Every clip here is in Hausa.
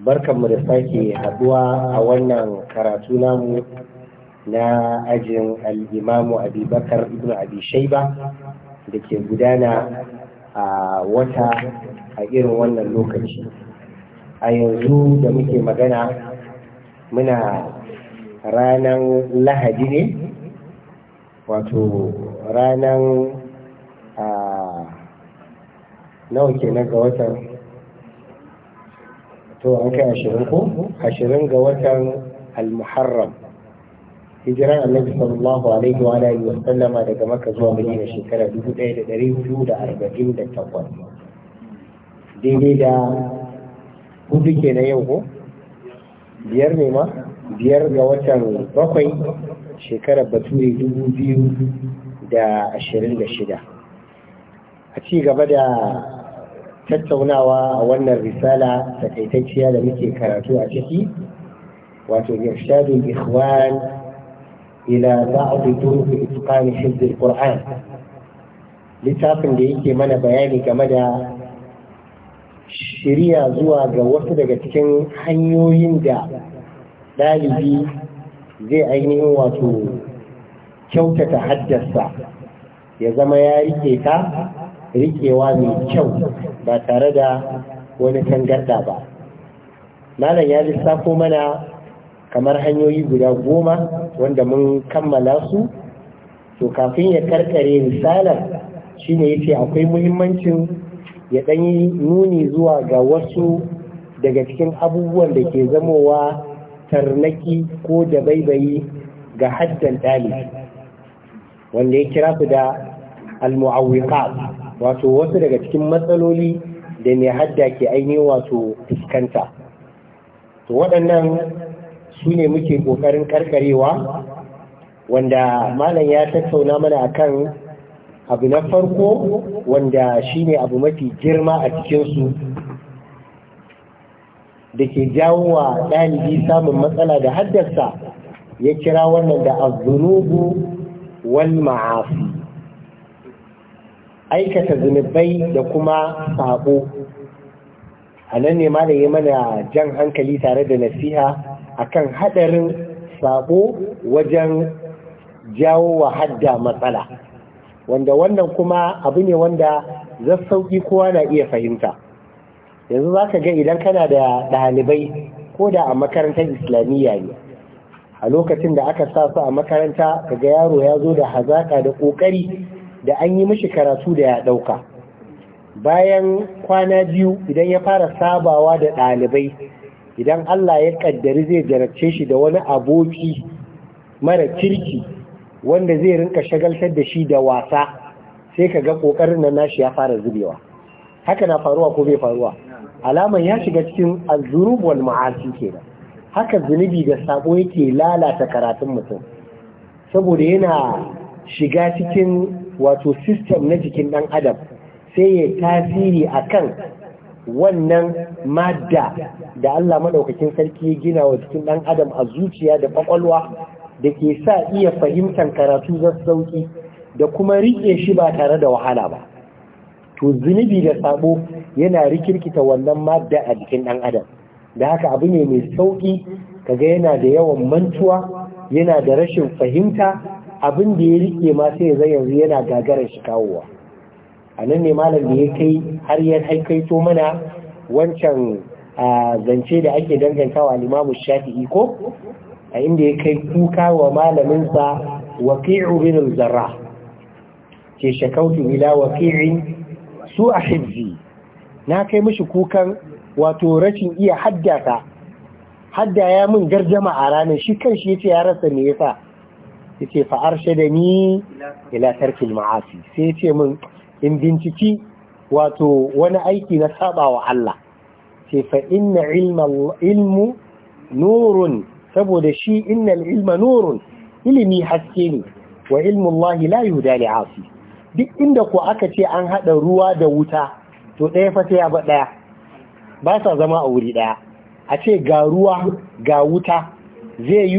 barkanmu da sake haduwa a wannan karatu namu na ajin al'imamu abubakar ibn abi shaiba da ke gudana a wata a irin wannan lokaci a yanzu da muke magana muna ranar lahadi ne wato ranar nawa kenan ga watan to an kai ashirin ko ashirin ga watan al-muharram hijira annabi sallallahu alaihi wa alihi wa sallama daga maka zuwa madina shekara 1448 daidai da hudu ke na yau ko biyar ne ma biyar ga watan bakwai shekarar bature dubu biyu da ashirin da shida a ci gaba da tattaunawa a wannan risala takaitacciya da muke karatu a ciki wato irshadul ikhwan ila ba'd turuq itqan hifz alquran littafin da yake mana bayani game da shirya zuwa ga wasu daga cikin hanyoyin da ɗalibi zai ainihin wato kyautata haddasa ya zama ya rike ta rikewa mai kyau ba tare da wani tangarda ba malam ya lissafo mana kamar hanyoyi guda goma wanda mun kammala su to kafin ya karkare misalar shine yace akwai muhimmancin ya ɗan yi nuni zuwa ga wasu daga cikin abubuwan da ke zamowa tarnaki ko da baibayi ga haddan ɗalibi wanda ya kira su da al-mu'awwiqat wato wasu daga cikin matsaloli da mai hadda ke aini wato fuskanta to waɗannan su ne muke ƙoƙarin ƙarƙarewa wanda malam ya tattauna mana akan abu na farko wanda shine abu mafi girma a cikinsu da ke jawo wa ɗalibi samun matsala da haddasa ya kira wannan da azunubu wal ma'afi aikata zunubai da kuma sabo a nan ne ma da yi mana jan hankali tare da nasiha akan hadarin sabo wajen jawo wa hadda matsala wanda wannan kuma abu ne wanda zassauƙi kowa na iya fahimta yanzu za ka ga idan kana da ɗalibai ko da a makarantar islamiyya ne a lokacin da aka sa su a makaranta kaga yaro ya zo da hazaƙa da ƙoƙari da an yi mashi karatu da ya ɗauka bayan kwana biyu idan ya fara sabawa da ɗalibai idan Allah ya ƙaddari zai jarabce shi da wani aboki mara kirki wanda zai rinka shagaltar da shi da wasa sai ka ga ƙoƙarin na nashi ya fara zubewa haka na faruwa ko bai faruwa Alamar ya shiga cikin alzurubuwan ma'asi kenan haka zunubi da sabo yake lalata karatun mutum saboda yana shiga cikin wato system na jikin ɗan adam sai ya tasiri a kan wannan madda da Allah maɗaukakin sarki ya gina wa jikin ɗan adam a zuciya da ƙwaƙwalwa da ke sa iya fahimtar karatu zan sauƙi da kuma riƙe shi ba tare da wahala ba to zunubi da sabo yana rikirkita wannan madda a jikin ɗan adam da haka abu ne mai sauƙi kaga yana da yawan mantuwa yana da rashin fahimta abin da ya rike ma sai zai yanzu yana gagarar shi kawowa a nan ne malam da ya kai har ya haikaito mana wancan zance da ake dangantawa limamu shafi'i ko a inda ya kai kuka wa malaminsa waqi'u bin zarra ke shakautu ila waqi'in su a hibzi na kai mishi kukan wato rashin iya haddata hadda ya mun garjama a ranar shi kan shi yace ya rasa me yasa yace fa arshadani ila tarkil ma'asi sai ce min in binciki wato wani aiki na saba wa Allah ce fa inna ilmu nurun saboda shi inna ilma nurun ilimi haske ne wa ilmu Allah la yuhda duk inda ku aka ce an haɗa ruwa da wuta to ɗaya fa ya ba ɗaya ba sa zama a wuri ɗaya a ce ga ruwa ga wuta zai yi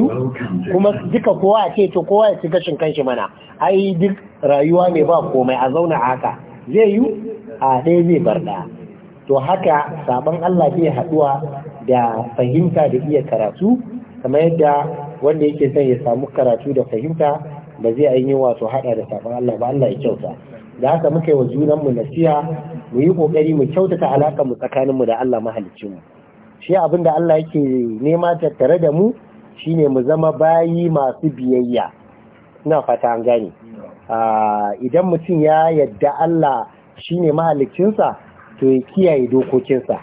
kuma duka kowa a ce to kowa ya ci gashin kanshi mana ai duk rayuwa ne ba komai a zauna haka zai yi a ɗaya zai bar ɗaya to haka sabon Allah zai haɗuwa da fahimta da iya karatu kamar yadda wanda yake son ya samu karatu da fahimta ba zai ainihin wato haɗa da sabon Allah ba Allah ya kyauta da haka muka yi wa junanmu nasiha mu yi ƙoƙari mu kyautata alaƙa mu tsakaninmu da Allah mahaliccinmu shi abin da Allah yake nema tattare da mu shine mu zama bayi masu biyayya ina fata an ah, idan mutum ya yadda Allah shine mahalicinsa to ya kiyaye dokokinsa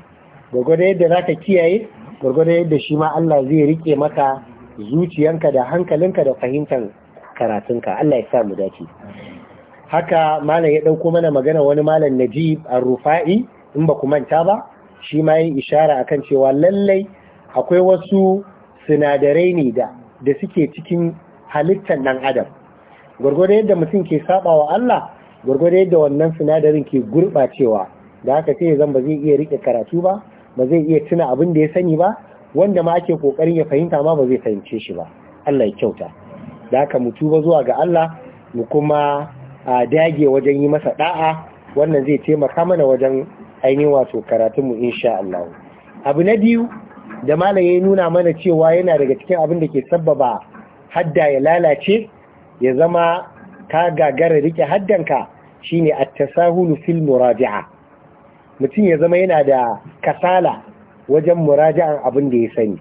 gwagwada yadda ka kiyaye gwagwada yadda shi ma Allah zai rike maka zuciyanka da hankalinka da fahimtar karatunka Allah ya sa mu dace haka malam ya ɗauko mana magana wani malam Najib a rufai in ba ku manta ba shi ma yin ishara akan cewa lallai akwai wasu sinadarai ne da da suke cikin halittar ɗan adam gwargwado yadda mutum ke saba wa Allah gwargwado yadda wannan sinadarin ke gurɓacewa da haka ce zan ba zai iya rike karatu ba ba zai iya tuna abin da ya sani ba wanda ma ake kokarin ya fahimta ma ba zai fahimce shi ba Allah ya kyauta da haka mu ba zuwa ga Allah mu kuma a dage wajen yi masa ɗa'a, wannan zai taimaka mana wajen ainihin wato karatunmu insha Allah abu na biyu da malam ya nuna mana cewa yana daga cikin abin da ke sabbaba hadda ya lalace ya zama ka gagara rike haddanka shine at-tasahulu fil muraja'a mutum ya zama yana da kasala wajen muraja'an abin da ya sani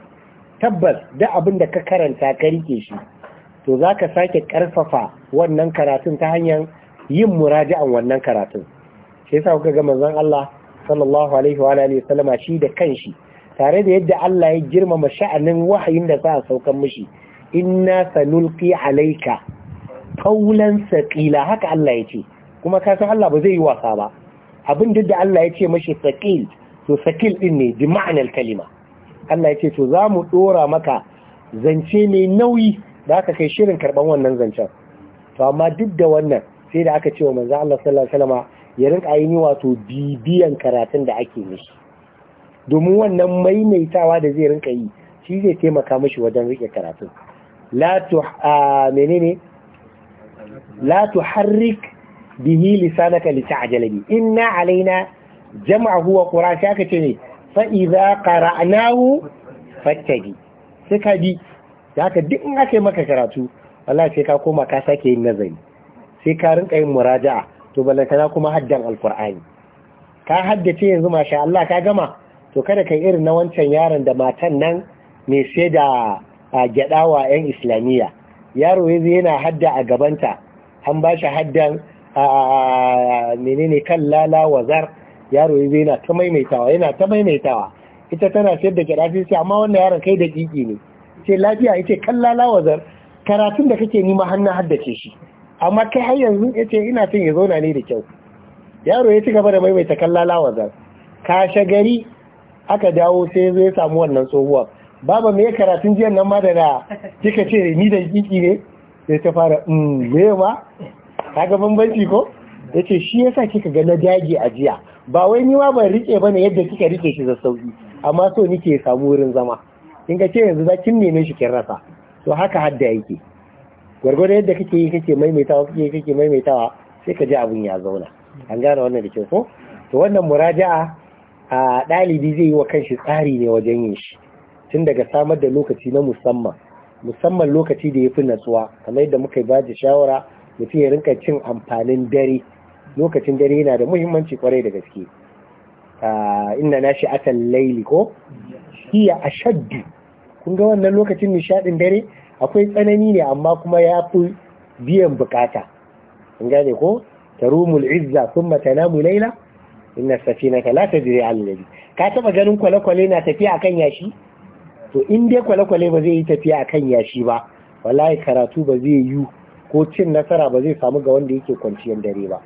tabbas da abin da ka karanta ka rike shi to zaka sake karfafa wannan karatun ta hanyar yin muraja'an wannan karatun shi yasa kuka ga manzon Allah sallallahu alaihi wa alihi wasallama shi da kanshi tare da yadda Allah ya girmama sha'anin wahayin da za a saukan mishi inna sanulqi alayka qawlan saqila haka Allah ya ce kuma ka san Allah ba zai yi wasa ba abin duk da Allah ya ce mashi saqil to saqil din ne bi ma'anar kalima Allah ya ce to za mu dora maka zance mai nauyi da aka kai shirin karban wannan zancen to amma duk da wannan sai da aka ce wa manzo Allah sallallahu alaihi wasallama ya rinka yi wato bibiyan karatun da ake mishi domin wannan maimaitawa da zai rinka yi shi zai taimaka mashi wajen rike karatu. la tu menene la tuharrik bihi lisanaka lita'jalabi inna alaina jam'ahu wa qura'ahu aka ce ne fa idza qara'nahu fattabi suka bi haka duk in aka yi maka karatu wallahi sai ka koma ka sake yin nazari sai ka rinka yin muraja'a to ballantana kuma haddan alqur'ani ka haddace yanzu masha Allah ka gama to kada kai irin na wancan yaron da matan nan mai sai da gyaɗa wa 'yan islamiyya yaro ya zai yana hadda a gabanta an ba shi haddan menene kan lala wazar yaro ya zai yana ta maimaitawa yana ta maimaitawa ita tana sayar da gyada sai amma wannan yaron kai da kiki ne ce lafiya ita kan lala wazar karatun da kake nima hannun haddace shi amma kai har yanzu ya ce ina son ya zauna ne da kyau yaro ya ci gaba da maimaita kan lala wazar sha gari aka dawo sai zai samu wannan tsohuwa baba me karatun jiyan nan ma da na kika ce ni da kiki ne sai ta fara mm me ma kaga bambanci ko yace shi yasa kika ga na dage a jiya ba wai ni ma ban rike bane yadda kika rike shi da sauki amma so nike samu wurin zama kin ga ce yanzu za kin neme shi kin rasa to haka hadda yake gwargwado yadda kake yi kake maimaitawa kake kake maimaitawa sai ka ji abin ya zauna an gane wannan da ke ko to wannan muraja'a a ɗalibi zai yi wa kanshi tsari ne wajen yin shi tun daga samar da lokaci na musamman musamman lokaci da ya fi natsuwa kamar yadda muka ba da shawara mutum ya rinka cin amfanin dare lokacin dare yana da muhimmanci kwarai da gaske inda na shi akan laili ko hiya a shaddu kun ga wannan lokacin nishaɗin dare akwai tsanani ne amma kuma ya fi biyan bukata kun gane ko tarumul izza thumma tanamu laila inna safinata la tadri al nabi ka taba ganin kwale-kwale na tafiya akan yashi to in dai kwale-kwale ba zai yi tafiya akan yashi ba wallahi karatu ba zai yi ko cin nasara ba zai samu ga wanda yake kwanciyar dare ba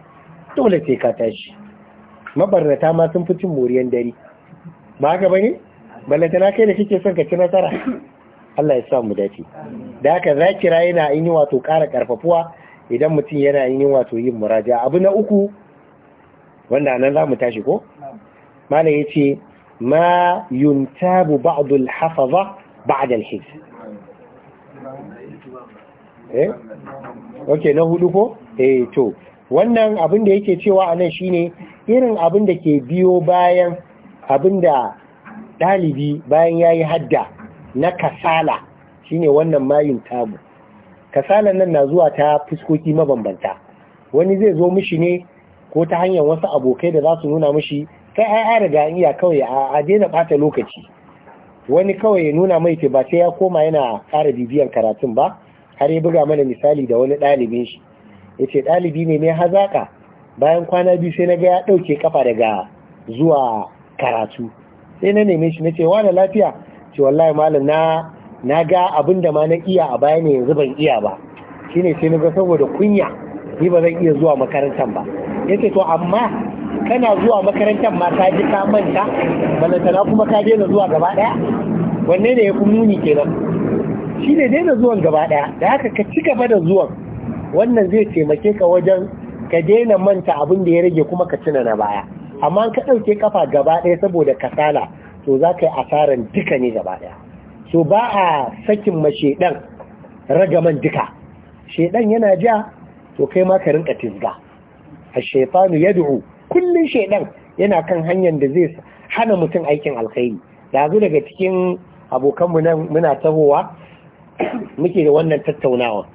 dole sai ka tashi mabarnata ma sun fi cin moriyar dare ba haka bane na kai da kike son ka ci nasara Allah ya sa mu dace da haka zakira yana yin wato ƙara ƙarfafuwa idan mutum yana yin wato yin muraja abu na uku wanda nan za mu tashi ko malam ya ce ma yuntabu ba'adul hafaza ba'da al-hifz eh ok na hudu ko eh to wannan abin da yake cewa a nan shi ne irin abin da ke biyo bayan abin da dalibi bayan ya yi hadda na kasala shi ne wannan mayun tabu kasalan nan na zuwa ta fuskoki mabambanta wani zai zo mishi ne ko ta hanyar wasu abokai da za su nuna mishi kai ai ai daga iya kawai a daina bata lokaci wani kawai ya nuna mai ba sai ya koma yana ƙara bibiyan karatun ba har ya buga mana misali da wani ɗalibin shi ya ce ɗalibi ne mai hazaƙa bayan kwana biyu sai na ga ya ɗauke kafa daga zuwa karatu sai na neme shi na ce wani lafiya ce wallahi malam na na ga abin da ma na iya a baya ne yanzu ban iya ba shine sai na ga saboda kunya ni ba zan iya zuwa makarantar ba yace to amma kana zuwa makarantar ma ta ji ka manta balantana kuma ka daina zuwa gaba daya wanne ne ya fi muni kenan shi ne daina zuwan gaba daya da haka ka ci gaba da zuwan wannan zai taimake ka wajen ka daina manta abin da ya rage kuma ka tuna na baya amma ka ɗauke kafa gaba daya saboda kasala to za ka yi asaran duka ne gaba To so ba a sakin mashedan ragaman duka shedan yana ja to kai ma ka rinka tizga ash ya yad'u kullum shaiɗan yana kan hanyar da zai hana mutum aikin alkhairi yanzu daga cikin abokanmu nan muna tahowa muke da wannan tattaunawa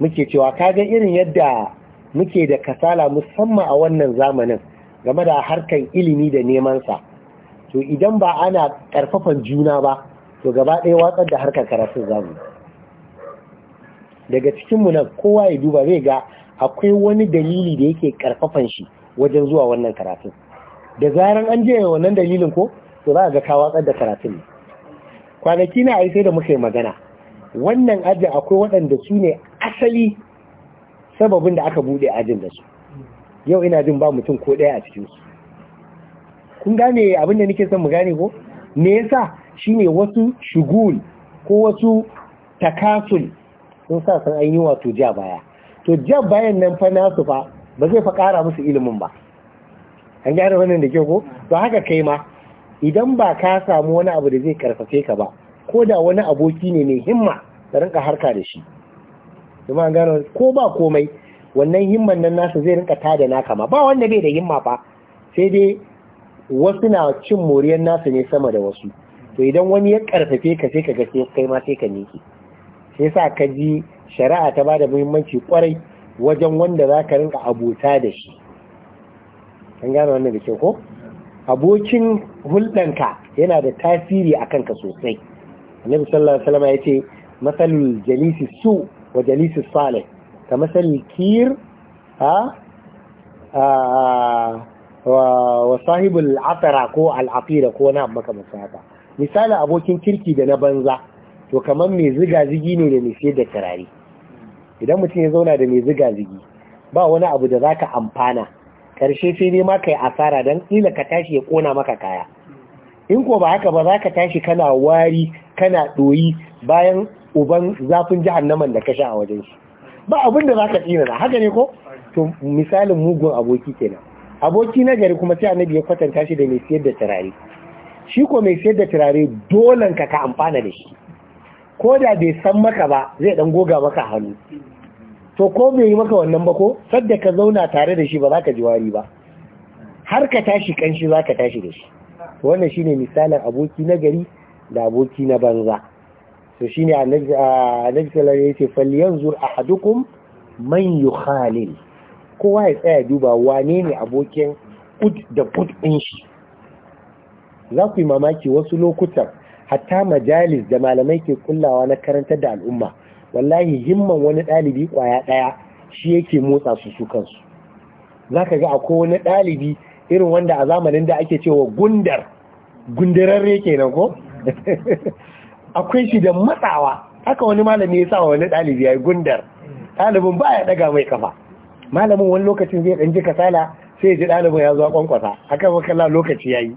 muke cewa ga irin yadda muke da kasala musamman a wannan zamanin game da harkar ilimi da nemansa to idan ba ana karfafan juna ba to gaba ɗaya watsar da harkar karatun zamu daga cikinmu nan kowa ya duba zai ga akwai wani dalili da yake karfafan shi wajen zuwa wannan karatun da zaran an je wannan dalilin ko to za a ga tsar da karatun ne kwanaki na ai sai da muka yi magana wannan aji akwai waɗanda su ne asali sababin da aka buɗe ajin da su yau ina jin ba mutum ko ɗaya a cikin su kun gane abin da nake son mu gane ko me yasa shine wasu shugul ko wasu takasul sun sa san an yi wato ja baya to jan bayan nan fa nasu fa ba zai fa kara musu ilimin ba an gyara wannan da ke ko to haka kai ma idan ba ka samu wani abu da zai karfafe ka ba ko da wani aboki ne mai himma da rinka harka da shi kuma an gano ko ba komai wannan himman nan nasa zai rinka tada naka ma ba wanda bai da himma fa sai dai wasu na cin moriyar nasu ne sama da wasu to idan wani ya karfafe ka sai ka ga sai kai ma sai ka niki sai sa ka ji shari'a ta bada muhimmanci kwarai wajen wanda za ka rinka abota da shi an gano wannan da ke ko abokin hulɗanka yana da tasiri a kanka sosai annabi sallallahu alaihi wasallam ya ce masalul jalisi su wa jalisi salih ka masalul kir ha wa sahibul afara ko al'afira ko na maka haka misali abokin kirki da na banza to kamar mai ziga zigi ne da mai da turare idan mutum ya zauna da mai ziga zigi ba wani abu da za ka amfana karshe sai dai ma ka yi asara dan kila ka tashi ya kona maka kaya in ko ba haka ba zaka tashi kana wari kana ɗoyi, bayan uban zafin jahannaman da ka sha a wajen shi ba abin da zaka tsira na, haka ne ko to misalin mugun aboki kenan aboki na gari kuma sai annabi ya kwatanta shi da mai siyar da turare shi ko mai siyar da turare dolan ka ka amfana da shi ko da bai san maka ba zai dan goga maka hannu to ko bai yi maka wannan ba ko sadda ka zauna tare da shi ba za ka ji wari ba har ka tashi kanshi za ka tashi da shi wannan shine misalin aboki na gari da aboki na banza to shine annabi sallallahu alaihi wasallam falyanzur ahadukum man yukhalil kowa ya tsaya duba wane ne abokin Kud da Kud din shi za ku yi mamaki wasu lokutan hatta majalis da malamai ke kullawa na karantar da al'umma wallahi himman wani ɗalibi ƙwaya ɗaya shi yake motsa su su kansu za ka ga akwai wani ɗalibi irin wanda a zamanin da ake cewa gundar gundararre nan ko akwai shi da matsawa haka wani malami ya sa wani ɗalibi ya yi gundar ɗalibin ba ya ɗaga mai kafa malamin wani lokacin zai ɗan ji kasala sai ya ji ɗalibin ya zuwa kwankwasa haka makalla lokaci ya yi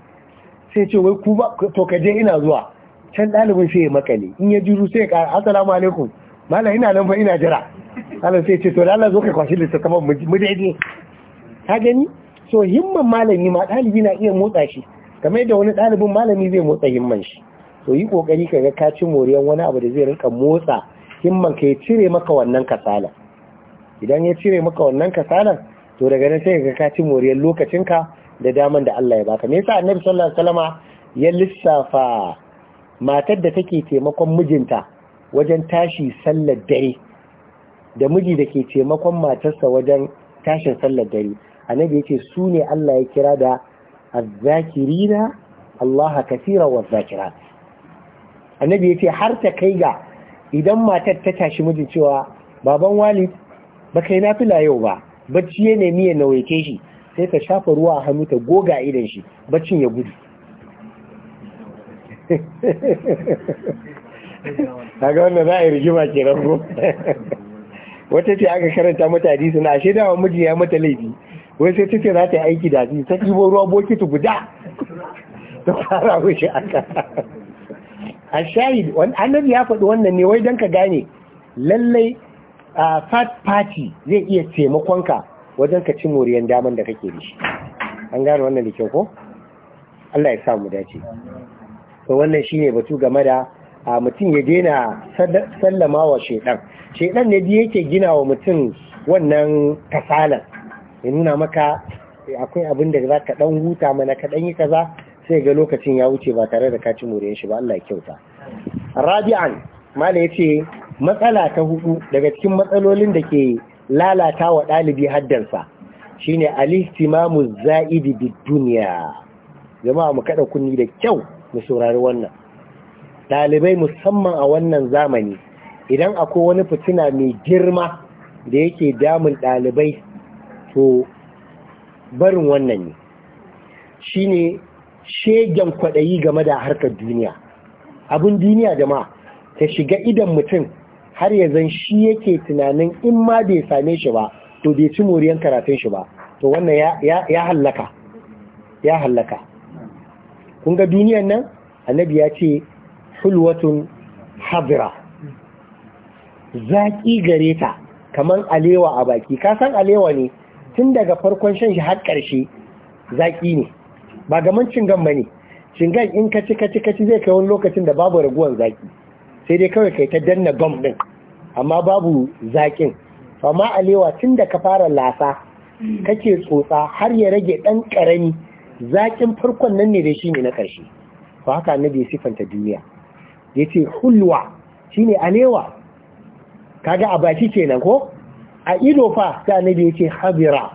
sai ce wai ku ba to ka ina zuwa can ɗalibin sai ya makale in ya juru sai ya ƙara asalamu alaikum malam ina nan fa ina jira malam sai ce to da Allah zo ka kwashi littattafan mu daidai ka gani so himman malami ma ɗalibi na iya motsa shi kamar yadda wani ɗalibin malami zai motsa himman shi to yi kokari ka ga ka ci moriyan wani abu da zai rinka motsa himman ka ya cire maka wannan kasala idan ya cire maka wannan kasala, to daga nan sai ka ka ci moriyan lokacinka da daman da Allah ya baka me yasa annabi sallallahu alaihi wasallama ya lissafa matar da take taimakon mijinta wajen tashi sallar dare da miji da ke taimakon matarsa wajen tashin sallar dare annabi yace su ne Allah ya kira da azzakirina Allah kasira wa zakirat annabi yace har ta kai ga idan matar ta tashi mijin cewa baban walid ba kai nafila yau ba bacci ne nemi ya nauyake shi sai ta shafa ruwa a hannu ta goga idan shi baccin ya gudu ga wannan za a yi rigima ke rango wata ce aka karanta mata hadisi na ashe dawa miji ya mata laifi wai sai tace za ta yi aiki da hadisi ta ɗibo ruwa bokiti guda ta fara wuce aka a shahid annabi ya faɗi wannan ne wai don ka gane lallai a fat party zai iya taimakonka wajen ka ci moriyan daman da kake da shi an gane wannan da kyau ko Allah ya samu dace to wannan shine batu game da a mutum ya dena sallama wa shedan shedan ne da yake gina wa mutum wannan kasalan ya nuna maka eh, akwai abin da za ka dan huta mana ka dan yi kaza sai ga lokacin ya wuce ba tare da ka ci moriyar shi ba Allah ya kyauta rabi'an mala yace matsala ta hudu daga cikin matsalolin da ke lalata wa ɗalibi haddansa shine al-ihtimamu za'idi bid-dunya jama'a mu kada kunni da kyau mu saurari wannan ɗalibai musamman a wannan zamani idan akwai wani fitina mai girma da yake damun ɗalibai to barin wannan ne shi ne shegen kwaɗayi game da harkar duniya abin duniya da ma ta shiga idan mutum har ya zan shi yake tunanin in ma bai same shi ba to bai ci moriyan karatun shi ba to wannan ya hallaka ya hallaka kun ga duniyan nan annabi ya ce hulwatun hadira zaƙi gare ta kamar alewa a baki ka san alewa ne tun daga farkon shan shi har ƙarshe zaƙi ne ba gaman cingan ba ne cingan in kaci kaci kaci zai kai wani lokacin da babu raguwan zaƙi sai dai kawai kai ta danna gam ɗin amma babu zaƙin amma alewa tun da ka fara lasa kake tsotsa har ya rage ɗan ƙarami zaƙin farkon nan ne dai ne na ƙarshe ba haka na bai sifanta duniya Ya ce hulwa shi ne alewa kaga a baki kenan ko a ido fa na bai yace habira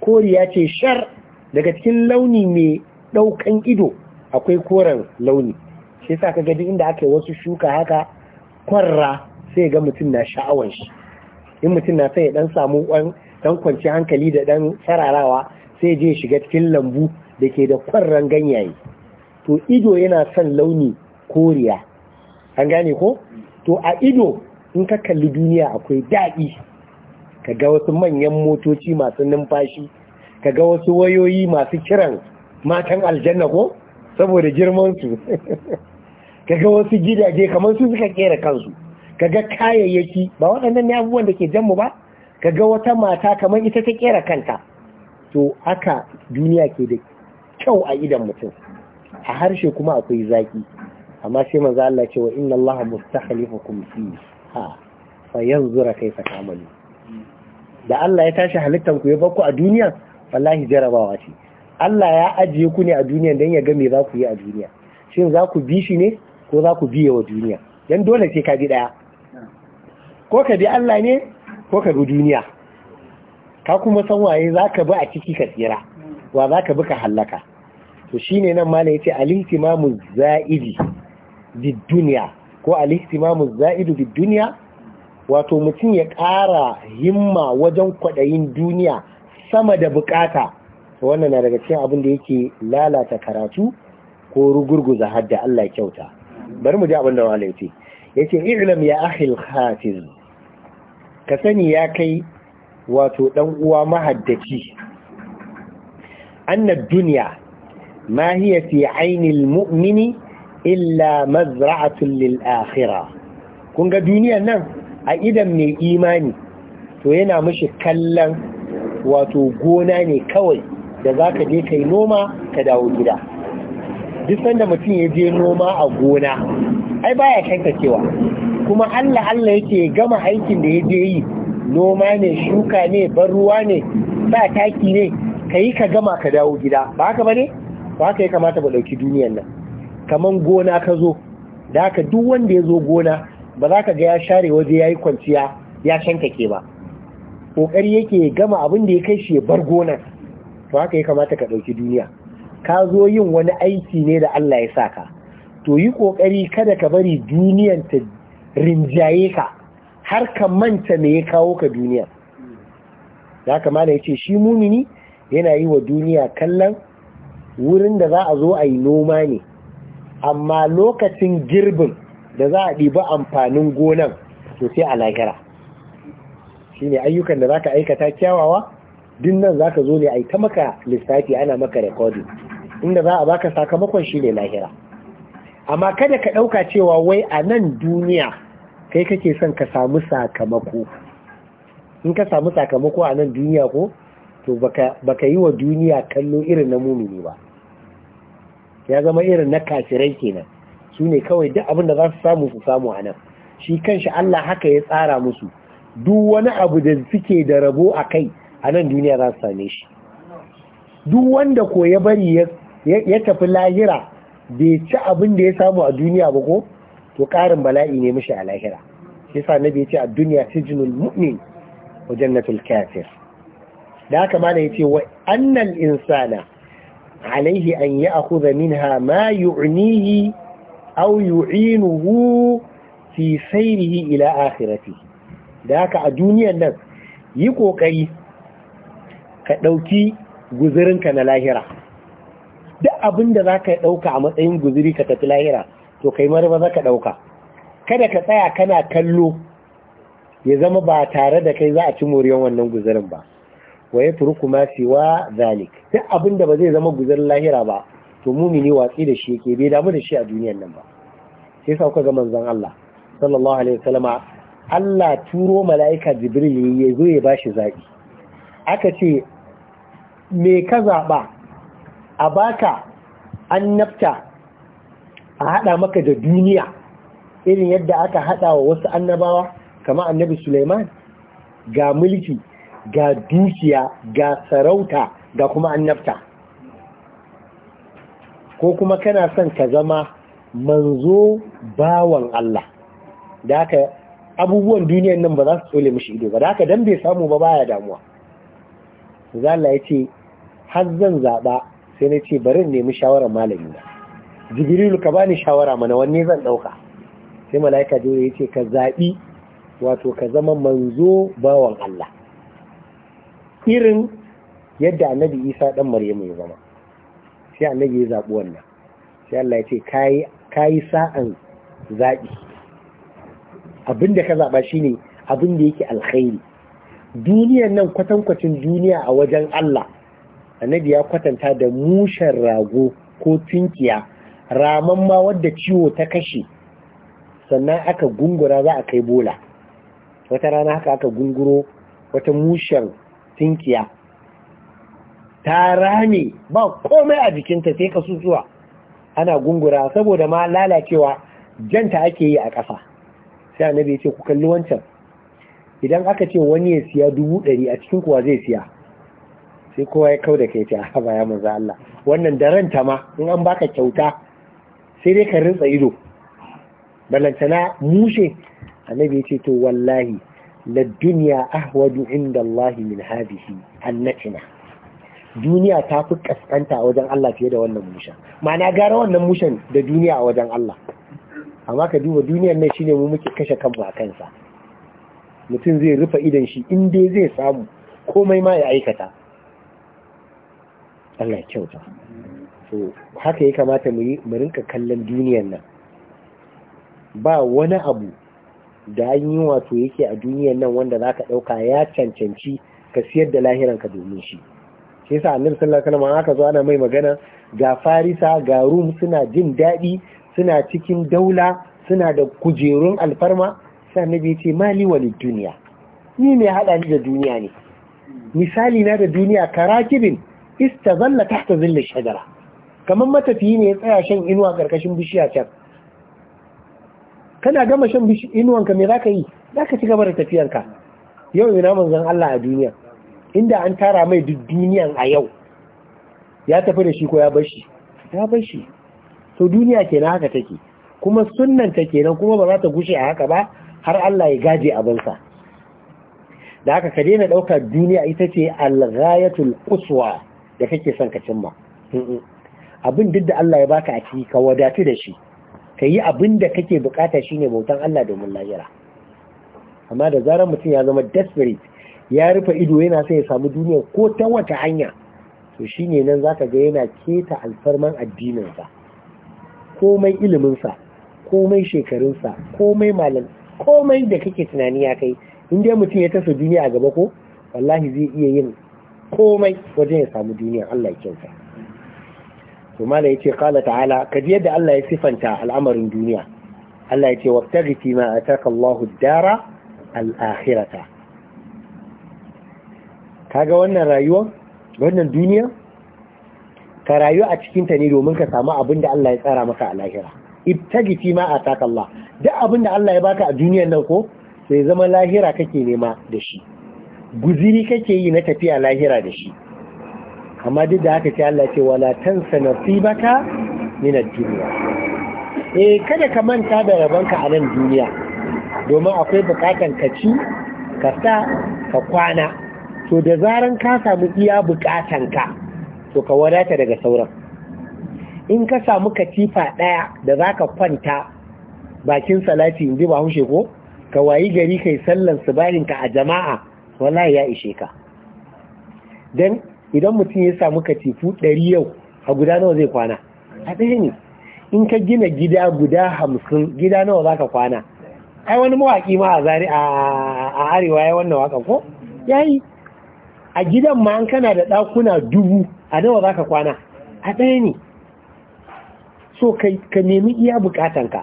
koriya ce shar daga cikin launi mai ɗaukan ido akwai koren launi shi sa ka duk inda aka yi wasu shuka haka kwarra sai ga mutum na sha'awan shi in mutum na sai ya ɗan samu dan kwanci hankali da ɗan sararawa sai je shiga cikin lambu da ke da kwarran ganyaye to ido yana son launi koriya an gane ko to a ido in ka kalli duniya akwai daɗi ka ga wasu manyan motoci masu numfashi ka ga wasu wayoyi masu kiran matan aljanna ko saboda girmansu ka ga wasu gidaje kamar su suka kera kansu ka ga kayayyaki ba waɗannan ne abubuwan da ke janmu ba ka ga wata mata kamar ita ta kera kanta to haka duniya ke da kyau a idan mutum a harshe kuma akwai zaki amma sai manzo Allah ce wa inna Allah mustakhlifukum fi ha fa yanzura kaifa ta'malu da Allah ya tashi halittan ku ya bakku a duniya wallahi jarabawa ce Allah ya ajiye ku ne a duniya dan ya ga me za ku yi a duniya shin za ku bi shi ne ko za ku biye wa duniya dan dole sai ka bi daya ko ka bi Allah ne ko ka bi duniya ka kuma san waye za ka bi a ciki ka tsira wa za ka bi ka hallaka to shine nan ma ya ce alihtimamu za'idi bid duniya, ko alihtimamu za'idu bid duniya? wato mutum ya ƙara himma wajen kwaɗayin duniya sama da bukata wannan na daga cikin abin da yake lalata karatu ko rugurguza hadda Allah kyauta bari mu ji abin da wala yace yace i'lam ya akhil khatiz ka sani ya kai wato dan uwa mahaddaci anna dunya ما هي في عين المؤمن إلا مزرعة للآخرة kun ga duniyan nan a idon mai imani to yana mashi kallon wato gona ne kawai da za ka je kai noma ka dawo gida duk sanda mutum ya je noma a gona ai baya kankacewa kuma allah allah yake gama aikin da ya je yi noma ne shuka ne ban ruwa ne sa taki ne ka yi ka gama ka dawo gida ba haka ba ne to haka ya kamata ba ɗauki duniyan nan kaman gona ka zo da haka duk wanda ya zo gona ba za ka ga ya share waje ya yi kwanciya ya shankake ba ƙoƙari yake gama abin da ya kai shi ya bar gona to haka ya kamata ka ɗauki duniya ka zo yin wani aiki ne da Allah ya sa ka to yi ƙoƙari kada ka bari duniyan ta rinjaye ka har ka manta me ya kawo ka duniya haka mana ya ce shi mumini yana yi wa duniya kallon wurin da za a zo a yi noma ne amma lokacin girbin da za a ɗiba amfanin gonan to sai a lahira shi ne ayyukan da za ka aikata kyawawa din nan za ka zo ne a yi ta maka lissafi ana maka rekodin inda za a baka sakamakon shi ne lahira amma kada ka ɗauka cewa wai a nan duniya kai kake son ka samu sakamako in ka samu sakamako a nan duniya ko to baka yi wa duniya kallo irin na mumini ba ya zama irin na kafirai kenan su ne kawai duk abin da za su samu su samu a nan shi kanshi Allah haka ya tsara musu duk wani abu da suke da rabo a kai a nan duniya za su same shi duk wanda ko ya bari ya tafi lahira bai ci abin da ya samu a duniya ba ko to karin bala'i ne mishi a lahira shi sa nabi ce a duniya sijinul mu'min wa jannatul kafir da haka mana yace wa annal insana عليه أن يأخذ منها ما يعنيه أو يعينه في سيره إلى آخرته ذاك الدنيا الناس يقو كي كدوكي guzurinka na lahira Da abin da za ka ɗauka a matsayin guziri ka tafi lahira to kai marba za ka ɗauka kada ka tsaya kana kallo ya zama ba tare da kai za a ci moriyan wannan guzirin ba wa ya turu kuma siwa zalik duk abin da ba zai zama guzar lahira ba to ne watsi da shi yake bai damu da shi a duniyar nan ba sai sa kuka ga manzon Allah sallallahu alaihi wasallama Allah turo mala'ika Jibril ya zo ya bashi zaki aka ce me ka zaba a baka annabta a hada maka da duniya irin yadda aka hada wa wasu annabawa kamar annabi Sulaiman ga mulki ga dukiya ga sarauta ga kuma annabta ko kuma kana son ka zama manzo bawan Allah da haka abubuwan duniyan nan ba za su tsole mishi ido ba da haka dan bai samu ba baya damuwa Allah ya ce har zan zaɓa sai na ce bari nemi shawarar malami na jibril ka bani shawara mana wanne zan ɗauka sai mala'ika dole ya ce ka zaɓi wato ka zama manzo bawan Allah irin yadda annabi isa ɗan maryamu ya zama sai annabi ya zaɓi wannan sai Allah ya ce kayi sa'an zaɓi abinda ka zaɓa shine abin da yake alkhairi duniyan nan kwatankwacin duniya a wajen Allah annabi ya kwatanta da mushen rago ko tunkiya raman ma wadda ciwo ta kashe sannan aka gungura za a kai bola wata rana haka aka gunguro wata mushen tinkiya ta rame ba komai a jikinta sai ka susuwa ana gungura saboda ma lalacewa janta ake yi a ƙasa sai annabi ya ce ku kalli wancan idan aka ce wani ya siya dubu ɗari a cikin kuwa zai siya sai kowa ya kau da kai ce ah, a baya maza Allah wannan da ranta ma in an baka kyauta sai dai ka rinsa ido balantana mushe annabi ya ce to wallahi la duniya ahwadu inda Allah min hadhihi annatina duniya ta fi kaskanta a wajen Allah fiye da wannan musha. ma'ana gara wannan mushan da duniya a wajen Allah amma ka duba duniyar nan shine mu muke kashe kanmu a kansa mutum zai rufe idan shi in dai zai samu komai ma ya aikata Allah ya kyauta so haka ya kamata mu rinka kallon duniyar nan ba wani abu da an yi wato yake a duniyar nan wanda za ka ɗauka ya cancanci ka siyar da lahiranka domin shi shi yasa annabi sallallahu alaihi wasallam aka zo ana mai magana ga farisa ga rum suna jin daɗi suna cikin daula suna da kujerun alfarma sai annabi ce mali wani duniya ni mai hada ni da duniya ne misali na da duniya karakibin istazalla tahta zilla shajara kamar matafiyi ne ya tsaya shan inuwa karkashin bishiya can kana gama shan inuwanka me za ka yi ka ci gaba da tafiyarka yau ina manzon Allah a duniya inda an tara mai duk duniyan a yau ya tafi da shi ko ya bashi ya shi. to duniya kenan haka take kuma sunnan ta kenan kuma ba za ta gushe a haka ba har Allah ya gaje abinsa da haka ka daina ɗaukar duniya ita ce al al-ghayatul uswa da kake son ka cimma abin duk da Allah ya baka a ciki ka wadatu da shi ka yi abin da kake bukata shine bautan Allah domin lahira amma da zarar mutum ya zama desperate ya rufe ido yana sai ya samu duniya ko ta wata hanya to shine nan zaka ga yana keta alfarman addininsa komai iliminsa komai shekarunsa komai malam komai da kake tunani ya kai in dai mutum ya tasa duniya a gaba ko wallahi zai iya yin komai wajen ya samu duniya Allah ya kyauta to mala yace qala ta'ala kaji yadda Allah ya sifanta al'amarin duniya Allah yace wabtaghi fi ma ataka Allahu ad-dara al-akhirata kaga wannan rayuwa wannan duniya ka rayu a cikinta ne domin ka samu abin da Allah ya tsara maka a lahira ibtaghi fi ma ataka Allah duk abin da Allah ya baka a duniyar nan ko sai zama lahira kake nema da shi guziri kake yi na tafiya lahira da shi amma duk da haka ce Allah ce wala tansa nasibaka min ad-dunya eh kada ka manta da rabanka a nan duniya domin akwai bukatan ka ci ka sa ka kwana to da zaran ka samu iya bukatan ka to ka wadata daga sauran in ka samu katifa daya da zaka kwanta bakin salati in ba haushe ko ka wayi gari kai sallan subahin ka a jama'a wallahi ya ishe ka dan idan mutum ya samu katifu ɗari yau a guda nawa zai kwana a ɗaya ne in ka gina gida guda hamsin gida nawa za ka kwana ai wani mawaƙi ma a a arewa ya wannan waƙa ko ya yi a gidan ma an kana da ɗakuna dubu a nawa za ka kwana a ɗaya ne so ka nemi iya bukatanka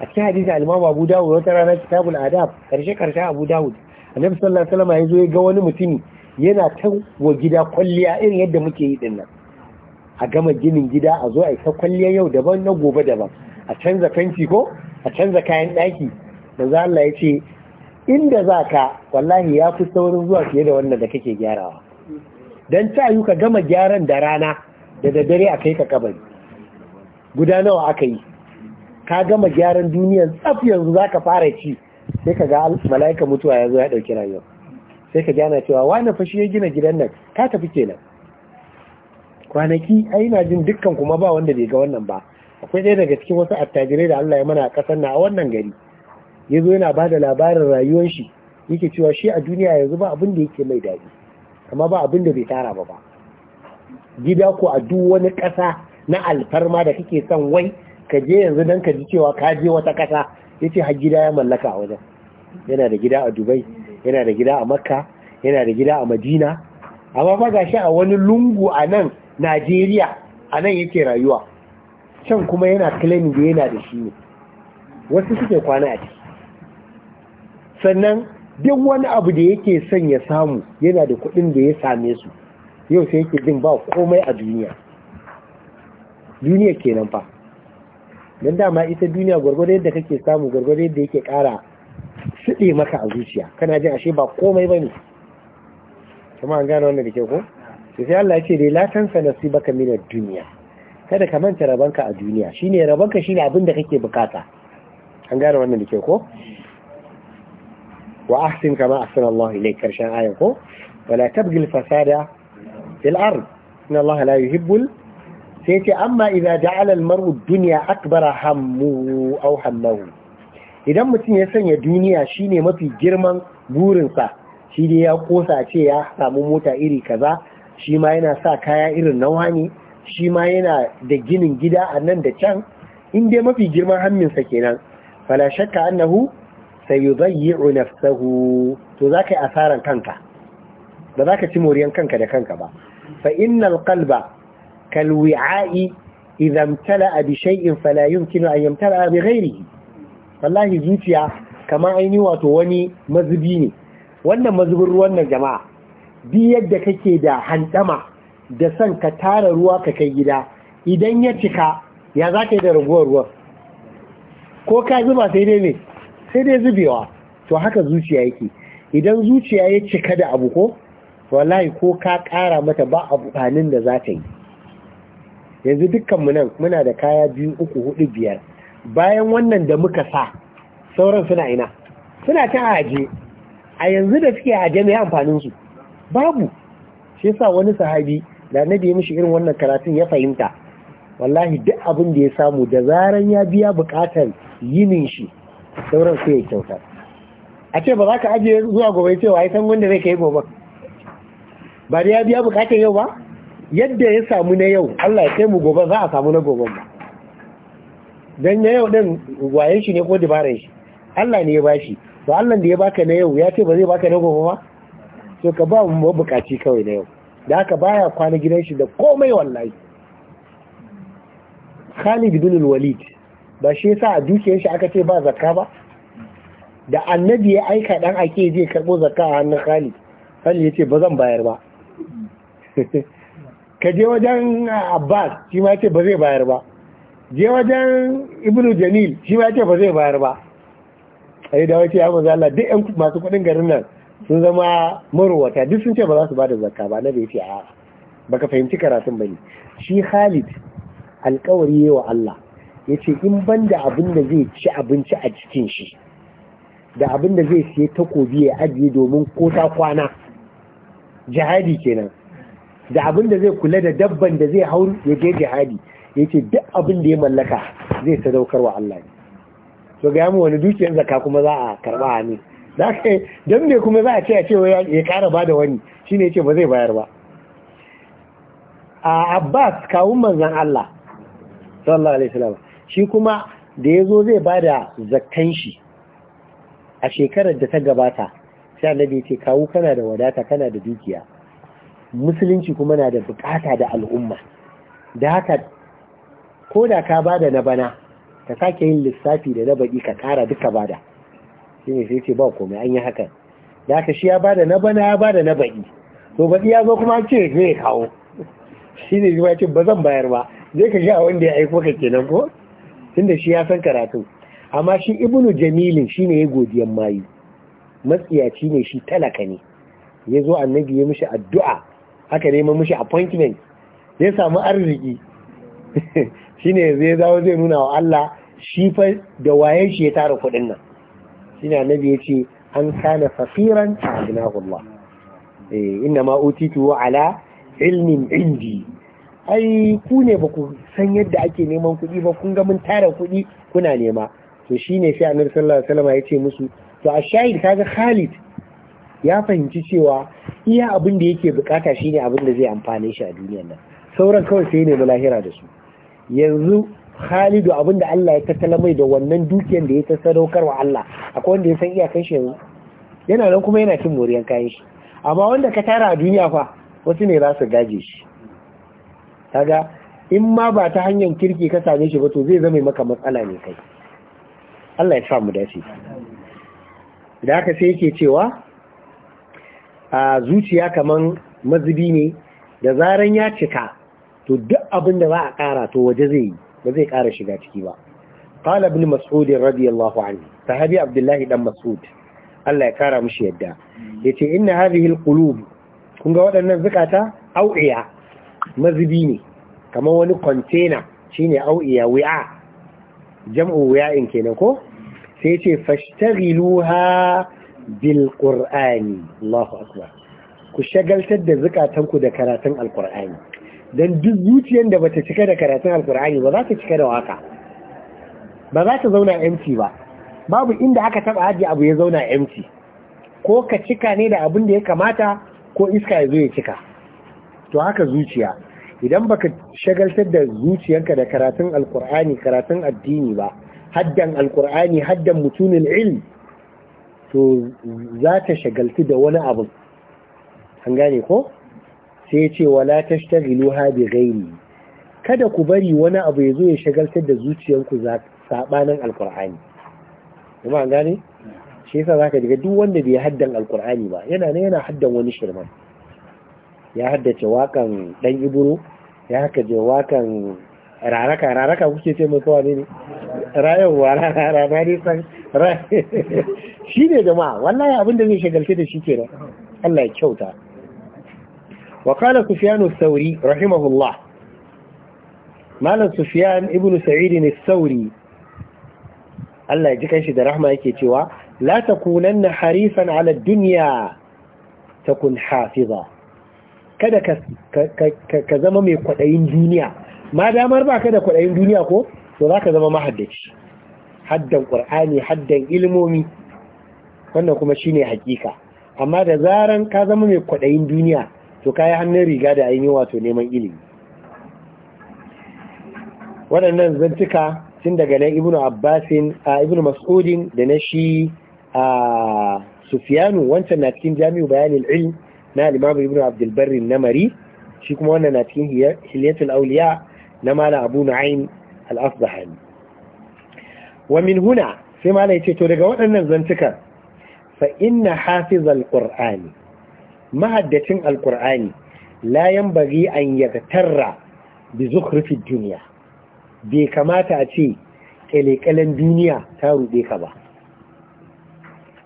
a cikin hadisi alimamu abu dawud wata rana kitabul adab karshe karshe abu dawud annabi sallallahu alaihi wasallam ya zo ya ga wani mutumi yana ta wa gida kwalliya irin yadda muke yi dinnan a gama ginin gida a zo a isa kwalliya yau daban na gobe daban a canza fenti ko a canza kayan ɗaki da za Allah ya ce inda za ka wallahi ya fi saurin zuwa fiye da wannan da kake gyarawa don ta yi ka gama gyaran da rana da daddare a kai ka kabari guda nawa aka yi ka gama gyaran duniyan tsaf yanzu za ka fara ci sai ka ga mala'ika mutuwa ya zo ya ɗauki rayuwa sai ka gana cewa wani fashi ya gina gidan nan ka tafi kenan kwanaki ai na jin dukkan kuma ba wanda bai ga wannan ba akwai ɗaya daga cikin wasu attajirai da Allah ya mana a ƙasar na a wannan gari ya zo yana da labarin rayuwar shi yake cewa shi a duniya yanzu ba abin da yake mai daɗi amma ba abin da bai tara ba ba gida ko a duk wani ƙasa na alfarma da kake son wai ka je yanzu don ka ji cewa ka je wata ƙasa ya ce har gida ya mallaka a wajen yana da gida a dubai yana da gida a makka yana da gida a madina amma fa shi a wani lungu a nan najeriya a nan yake rayuwa can kuma yana claiming da yana da shi ne wasu suke kwana a ciki sannan duk wani abu da yake son ya samu yana da kuɗin da ya same su yau sai yake jin ba komai a duniya duniya kenan fa don dama ita duniya gwargwado yadda kake samu gwargwado yadda yake kara suɗe maka a zuciya kana jin ashe ba komai ba ne kuma an gane wannan da ke ko sai Allah ya ce dai la tansa nasibaka baka ad duniya kada ka manta rabanka a duniya shine rabanka shine abin da kake bukata an gane wannan da ke ko wa ahsin kama ahsana Allah ilayk karshen ayan ko wala tabghi fasada fil ard inna Allah la yuhibbu sai ce amma idza ja'ala al-mar'u ad-dunya akbara hammu aw hammahu idan mutum ya sanya duniya shine mafi girman burinsa shi dai ya kosa ce ya samu mota iri kaza shi ma yana sa kaya irin nawa ne shi ma yana da ginin gida a nan da can in dai mafi girman hamminsa kenan fala shakka annahu sayudayyi'u nafsahu to ka yi asaran kanka ba ka ci moriyan kanka da kanka ba fa innal qalba kal wi'a'i idza imtala'a bi shay'in fala yumkinu an yamtala'a bi ghayrihi wallahi zuciya kamar aini wato wani mazubi ne wannan mazubin ruwan nan jama'a bi yadda kake da hanɗama da son ka tara ruwa ka kai gida idan ya cika ya za ka yi da raguwar ruwan ko ka zuba sai dai ne sai dai zubewa to haka zuciya yake idan zuciya ya cika da abu ko wallahi ko ka kara mata ba amfanin da za ta yi yanzu dukkanmu nan muna da kaya biyu uku hudu biyar bayan wannan da muka sa sauran suna ina suna ta ajiye. a yanzu da suke aje mai amfanin su babu shi sa wani sahabi da na biya mishi irin wannan karatun ya fahimta wallahi duk abin da ya samu da zaran ya biya bukatar yinin shi sauran sai ya kyauta a ce ba za ka ajiye zuwa gobe ce wa san wanda zai kai gobe ba da ya biya bukatar yau ba yadda ya samu na yau Allah ya kai mu gobe za a samu na gobe ba Don na yau ɗin wayan shi ne ko dabaran shi Allah ne ya bashi to Allah da ya baka na yau ya ce ba zai baka na gobe ba to ka ba mu bukaci kawai na yau da haka baya kwana gidan shi da komai wallahi Khalid bin Walid ba shi yasa a dukiyar shi aka ce ba zakka ba da annabi ya aika dan ake je karbo zakka a hannun Khalid Khalid ya ce ba zan bayar ba ka je wajen Abbas shi ma ya ce ba zai bayar ba je wajen ibnu jamil shi ma ce ba zai bayar ba a da wace ya maza Allah duk yan masu kuɗin garin nan sun zama marowata duk sun ce ba za su bada zakka ba na bai ce a baka fahimci karatun bane shi Khalid alƙawari wa Allah ya ce in ban da abin da zai ci abinci a cikin shi da abin da zai siye takobi ya ajiye domin ko ta kwana jihadi kenan da abin da zai kula da dabban da zai hau ya je jihadi yace duk abin da ya mallaka zai sadaukar wa Allah ne to ga mu wani dukiyar zaka kuma za a karba ne da ka dan me kuma za a ce a ce ya kara bada wani shine yace ba zai bayar ba a Abbas kawun manzon Allah sallallahu alaihi wasallam shi kuma da ya zo zai bada zakkan shi a shekarar da ta gabata sai annabi ce kawu kana da wadata kana da dukiya musulunci kuma na da bukata da al'umma da haka ko da ka bada na bana ka sake yin lissafi da na baki ka kara duka bada shi ne sai ce ba komai an yi hakan da aka shi ya bada na bana ya bada na baki to baki ya zo kuma ce zai kawo shi ne ya ce ba zan bayar ba zai ka sha wanda ya aiko ka kenan ko tunda shi ya san karatu amma shi ibnu jamilin shine ya godiyan mayu matsiyaci ne shi talaka ne ya zo annabi ya mishi addu'a aka nema mishi appointment ya samu arziki shine ne Zai zawo zai nuna wa Allah shi fa da waye shi ya tara kudin nan shine annabi ya ce an kana fasiran agnahu Allah eh inna ma utitu ala ilmin indi ai ku ne ba ku san yadda ake neman kuɗi ba kun ga mun tara kuɗi kuna nema to shine sai annabi sallallahu alaihi wasallam ya ce musu to a shahid kaga Khalid ya fahimci cewa iya abin da yake bukata shine abin da zai amfane shi a duniyar nan sauran kawai sai ne lahira da su yanzu Khalidu abinda Allah ya tattala mai da wannan dukiyar da ya ta sadaukar wa Allah akwai wanda ya san iyakan shi yanzu yana nan kuma yana cin moriyan kayan shi amma wanda ka tara a duniya fa wasu ne za su gaje shi kaga in ma ba ta hanyar kirki ka same shi ba to zai zama maka matsala ne kai Allah ya sa mu dace da haka sai yake cewa a zuciya kaman mazubi ne da zaran ya cika to duk abin da za a ƙara to waje zai yi ba zai ƙara shiga ciki ba qala ibn mas'ud radiyallahu anhu sahabi abdullahi dan mas'ud Allah ya kara mashi yadda yace inna hadhihi alqulub kun ga waɗannan zukata au'iya mazubi ne kamar wani container shine au'iya wi'a jam'u wi'a'in kenan ko sai yace fashtaghiluha bil qur'ani Allahu akbar ku shagaltar da zukatanku da karatun alqur'ani don duk zuciyar da bata cika da karatun alkur'ani ba za ta cika da waka ba za ta zauna yanci ba babu inda aka taba ajiye abu ya zauna empty ko ka cika ne da abin da ya kamata ko iska ya zo ya cika to haka zuciya idan baka shagaltar da zuciyarka da karatun alkur'ani karatun addini ba haddan alkur'ani haddan mutumin ilm to za ta shagaltu da wani abu an gane ko sai ya ce wala tashtaghilu ha bi ghairi kada ku bari wani abu ya zo ya shagaltar da zuciyanku saɓanin alqur'ani kuma an gane shi yasa zaka diga duk wanda bai haddan alqur'ani ba yana ne yana haddan wani shirman ya haddace wakan dan iburo ya haka je wakan raraka raraka kuke ce mai kowa ne rayuwa rarara na dai san shi ne jama'a wallahi abin da zai shagalce da shi kenan Allah ya kyauta وقال سفيان الثوري رحمه الله مالا سفيان ابن سعيد الثوري الله يجيك ايش ده رحمه yake cewa لا تكونن حريفا على الدنيا تكن حافظا kada ka zama mai kwaɗayin duniya ma damar ba da kwaɗayin duniya ko to za ka zama mahaddaci haddan ƙur'ani haddan ilmomi wannan kuma shine hakika amma da zaran ka zama mai kwaɗayin duniya to kayi hannun riga da ainihin wato neman ilimi waɗannan zantuka tun daga na ibnu abbasin a ibnu mas'udin da na shi a sufiyanu wancan na cikin jami'u bayanin ilm na limamu ibnu abdulbarri na mari shi kuma wannan na cikin hiliyatul auliya na mala abu na'im al-asbahani wa min huna sai mala ce to daga waɗannan zantukan fa inna hafizal qur'ani mahaddacin alkur'ani layan bari an yagtarra bi zukhrifid duniya bai kamata a ce kelekelen duniya ta rube ka ba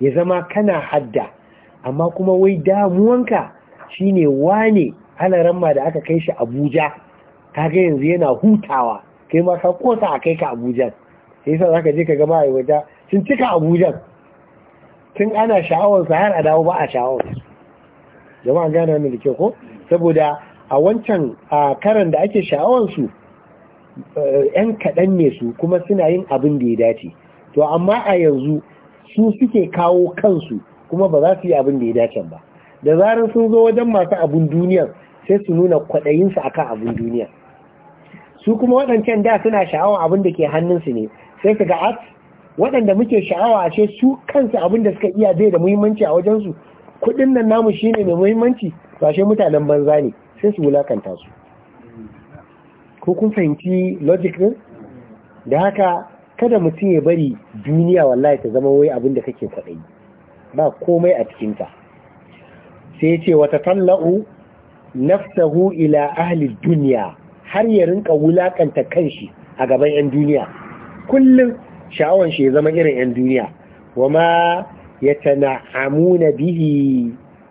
ya zama kana hadda amma kuma wai damuwanka shine wane ramma da aka kai shi abuja ga yanzu yana hutawa kai ma ka kosa a kai ka abuja sai za ka je ka ga ma'aikata sun cika abuja tun ana sha'awarsa har a dawo ba a sha'awarsa jama'a gane wannan da ke ko saboda a wancan karan da ake sha'awansu eh, yan kaɗan ne su kuma suna yin abin da ya dace to amma a yanzu su suke kawo kansu kuma ba za su yi abin da ya dace ba da zarar sun zo wajen masu abin duniya sai su nuna kwaɗayinsu akan abin duniya su kuma waɗancan da suna sha'awa abin da ke hannunsu ne sai su ga at waɗanda muke sha'awa ce su kansu abin da suka iya bai da muhimmanci a wajensu kudin nan namu shine mai muhimmanci ba shi mutanen banza ne sai su wulakanta su ko kun fahimci logic din da haka kada mutum ya bari duniya wallahi ta zama wai abin da kake kwaɗayi ba komai a cikin ta. sai ce wata talla'u nafsahu ila ahli duniya har ya rinka wulakanta kanshi a gaban 'yan duniya kullum sha'awar shi ya zama irin 'yan duniya wa ma يتنعمون به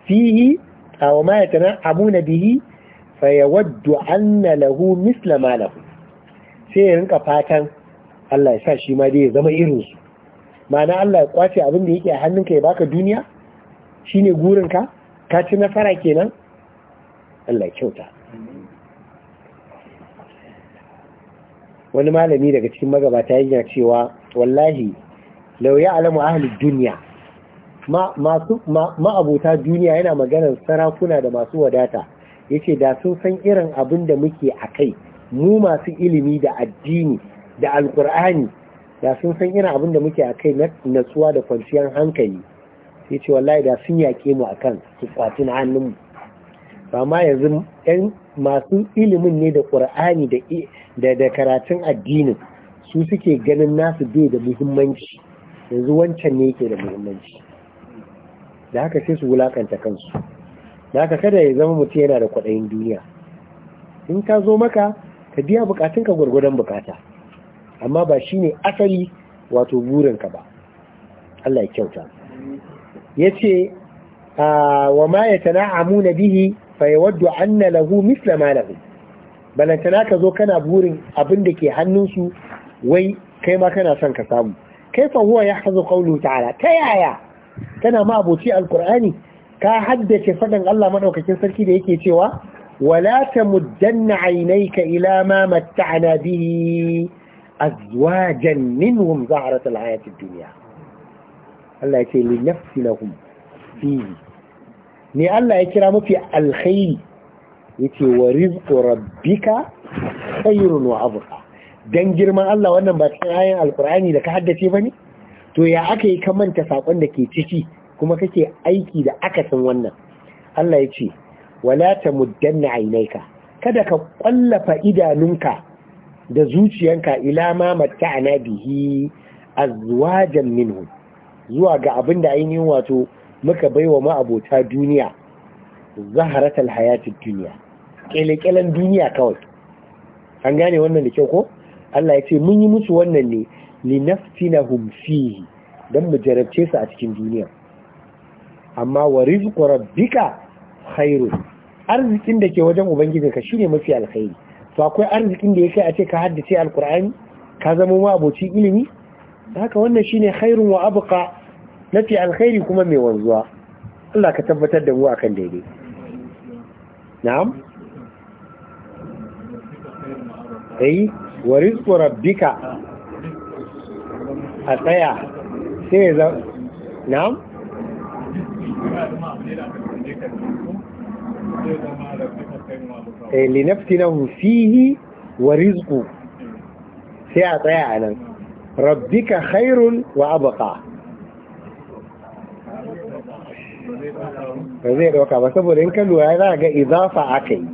فيه أو ما يتنعمون به فيود أن له مثل ما له سيرنك فاتن الله يساشي ما دي زما إرنسو ma'ana Allah ya kwace abin da yake a hannunka ya baka duniya shine gurinka ka ci nasara kenan Allah wani malami daga cikin magabata yana cewa wallahi ya alamu ahalin duniya. ma'abota duniya yana maganar sarakuna da masu wadata yace da sun san irin abin da muke a kai mu masu ilimi da addini da alkur'ani da sun san irin abin da muke a kai na natsuwa da kwanciyar hankali sai ce wallahi da sun yaƙe mu akan su kwaci na hannunmu ba ma yanzu yan masu ilimin ne da ƙur'ani da karatun addinin su suke ganin nasu bai da muhimmanci yanzu wancan ne yake da muhimmanci da haka sai su wulakanta kansu da haka kada ya zama mutum yana da kwaɗayin duniya in ka zo maka ka biya ka gwargwadon bukata amma ba shine asali wato burinka ba Allah ya kyauta yace wa ma na bihi fayawaddu anna lahu misla ma lahu balantana ka zo kana burin abin da ke hannunsu wai kai ma kana son ka samu fa huwa yahfazu qawlu ta'ala ta yaya kana ma aboci alkur'ani ka haddace faɗan Allah maɗaukakin sarki da yake cewa wala tamuddanna aynayka ila ma matta'na bihi azwajan minhum zahrat alhayat ad-dunya Allah yake li nafsinahum fihi Ni Allah ya kira mafi alkhairi yace wa rizqu rabbika khairun wa abqa dan girman Allah wannan ba cikin ayan alkur'ani da ka haddace bane to ya aka yi ka manta saƙon da ke ciki kuma kake aiki da akasin wannan Allah ya ce wala ta muddanna ainaika kada ka kwallafa idanunka da zuciyanka ila ma matta'ana bihi azwajan minhu zuwa ga abin da ainihin wato muka baiwa ma'abota duniya zaharatal hayatid duniya kelekelen duniya kawai an gane wannan da kyau ko Allah ya ce mun yi musu wannan ne linaftinahum fihi dan mu jarabce su a cikin duniya amma wa rizqu rabbika khairun arzikin da ke wajen ubangiji ka shine mafi alkhairi to akwai arzikin da yake a ce ka haddace alqur'ani ka zama ma aboci ilimi haka wannan shine khairun wa abqa nafi alkhairi kuma mai wanzuwa Allah ka tabbatar da mu akan daidai na'am ai eh, wa rizqu rabbika a tsaya sai ya zama na'am eh na hufihi wa rizku sai a tsaya a nan rabbika khairun wa abqa ba zai dauka ba saboda in ka lura za ga izafa aka yi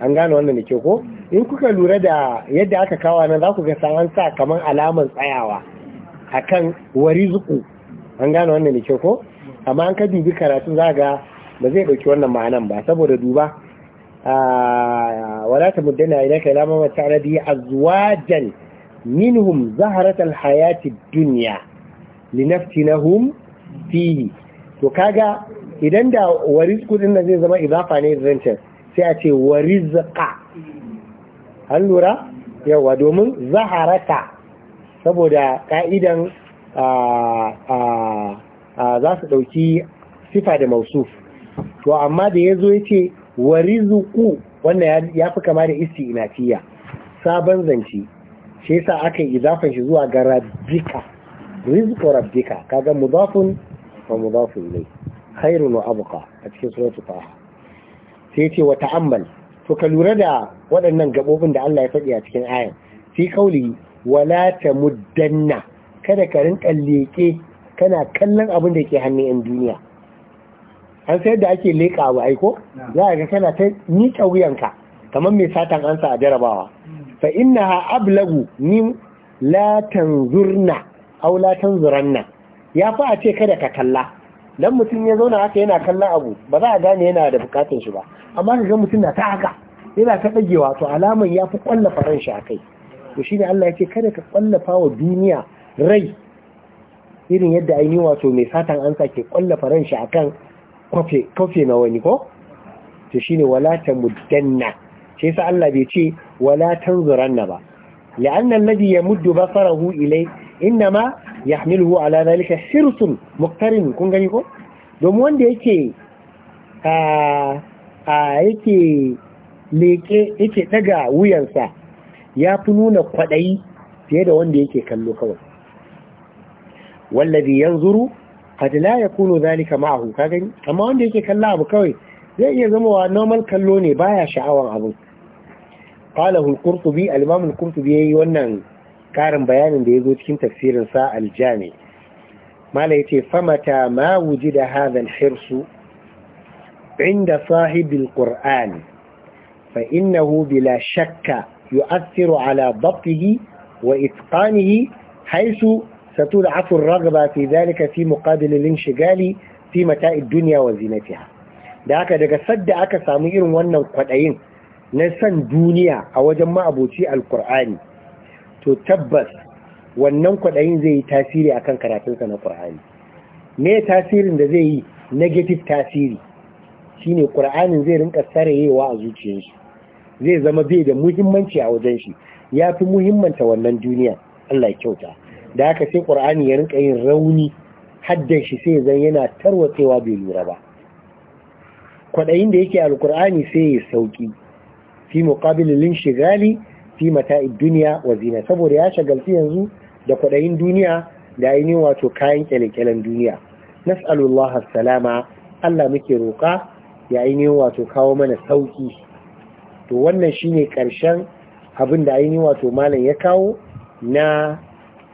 an gano wannan ne ke ko in kuka lura da yadda aka kawo nan za ku ga san sa kamar alamar tsayawa akan warizuku an gane wannan da kyau ko amma an ka dubi karatun za ga ba zai ɗauki wannan ma'anan ba saboda duba wala ta muddana ila ka lama mata rabi azwajan minhum zaharat alhayati dunya linaftinahum fihi to kaga idan da warizqu din nan zai zama idafa ne zancen sai a ce warizqa an lura yawa domin zaharata saboda ka'idan za su ɗauki sifa da mausuf to amma da ya zo ya ce wa wannan ya fi kama da inafiya sabon zance shi yasa aka yi zafin shi zuwa ga rabbika rizqu rabbika kaga mudafun wa mudafun ne khairun wa abuka a cikin suratul taha sai yace wa ta'ammal to ka lura da waɗannan gabobin da Allah ya faɗi a cikin ayan fi kauli wala ta muddanna kada ka rinka leke kana kallon abin da ke hannun yan duniya an sayar da ake leka abu aiko za a ga kana ta miƙa wuyanka kamar mai satan ansa a jarabawa fa ha ablagu ni la tanzurna aw la tanzuranna ya fa a ce kada ka kalla dan mutum ya zauna haka yana kallon abu ba za a gane yana da bukatun shi ba amma ka ga mutum na ta haka yana ta dagewa to alaman ya fi kwalla faran shi akai to shi ne Allah ya ce kada ka kwallafa wa duniya rai irin yadda aini wato mai satan an ke kwallafa ran shi akan kofe na wani ko to ne wala ta muddanna shi yasa Allah bai ce wala tanzuranna ba لأن الذي يمد بصره إليه إنما يحمله على ذلك حرص مقترن kun gani ko domin wanda yake a ah, ah, yake leke yake daga wuyansa ya fi nuna kwaɗayi fiye da wanda yake kallo kawai wallazi yanzuru qad la yakunu zalika ma'ahu ka gani amma wanda yake kalla abu kawai zai iya zama wa normal kallo ne baya sha'awan abu Qala al-qurtubi al-imam al-qurtubi yayi wannan karin bayanin da yazo cikin tafsirin sa al-jami mala yace famata ma wujida hadha al-hirsu inda sahibi al-qur'an fa innahu bila shakka يؤثر على ضبطه وإتقانه حيث ستضعف الرغبة في ذلك في مقابل الانشغال في متاع الدنيا وزينتها da haka daga sadda aka samu irin wannan kwaɗayin na san duniya a wajen ma'abuci alkur'ani to tabbas wannan kwaɗayin zai yi tasiri akan karatunsa na ƙur'ani me tasirin da zai yi negative tasiri shine ƙur'anin zai rinka sarayewa a zuciyarsu zai zama bai da muhimmanci a wajen shi ya fi muhimmanta wannan duniya Allah ya kyauta da haka sai qur'ani ya rinka yin rauni haddan shi sai zan yana tarwatsewa bai lura ba Kwaɗayin da yake alqur'ani sai ya sauki fi lin shigali fi mata'id dunya wa zina saboda ya shagalci yanzu da kwaɗayin duniya da ainihin wato kayan kyale-kyalen duniya nas'alullah salama Allah muke roƙa ya ainihin wato kawo mana sauƙi. to wannan shine ƙarshen abin da ainihin wato malam ya kawo na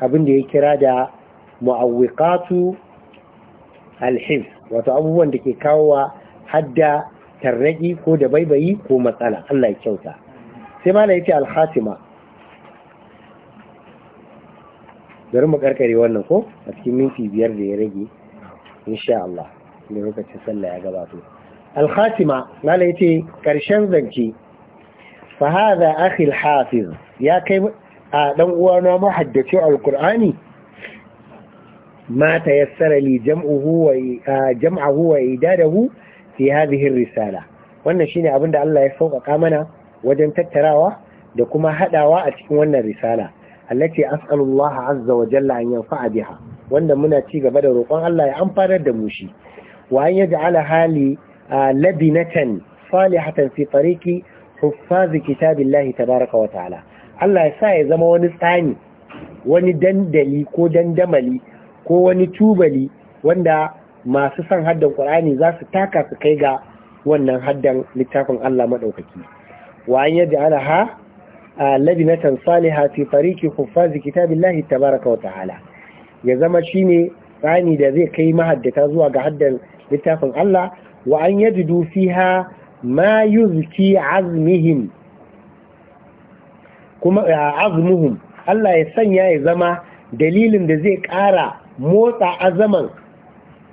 abin da ya kira da mu'awwiqatu alhif wato abubuwan da ke kawo wa hadda tarraki ko da baibayi ko matsala Allah ya kyauta sai malam yace al-khatima bari mu karkare wannan ko a cikin minti biyar da ya rage insha Allah ne lokacin sallah ya gabato al-khatima malam yace karshen zance fa Akhil hafiz ya kai a dan uwana muhaddaci al-qur'ani ma tayassara li jam'uhu wa jam'ahu wa idadahu fi hadhihi ar-risala wannan shine abin da Allah ya sauƙaƙa mana wajen tattarawa da kuma hadawa a cikin wannan risala allati as'alullaha azza wa jalla an yanfa'a biha wanda muna ci gaba da roƙon Allah ya amfanar da mu shi wa an yaj'ala hali labinatan salihatan fi tariqi huffazi kitabillahi tabaraka wa ta'ala Allah ya sa ya zama wani tsani wani dandali ko dandamali ko wani tubali wanda masu son haddan Qur'ani za su taka su kai ga wannan haddan littafin Allah maɗaukaki. wa an yaj'ala ha labinatan saliha fi tariqi huffazi kitabillahi tabaraka wa ta'ala ya zama shine tsani da zai kai mahaddata zuwa ga haddan littafin Allah wa an yajidu fiha ma yuzki عزمهم Allah ya sanya ya zama dalilin da zai ƙara motsa azaman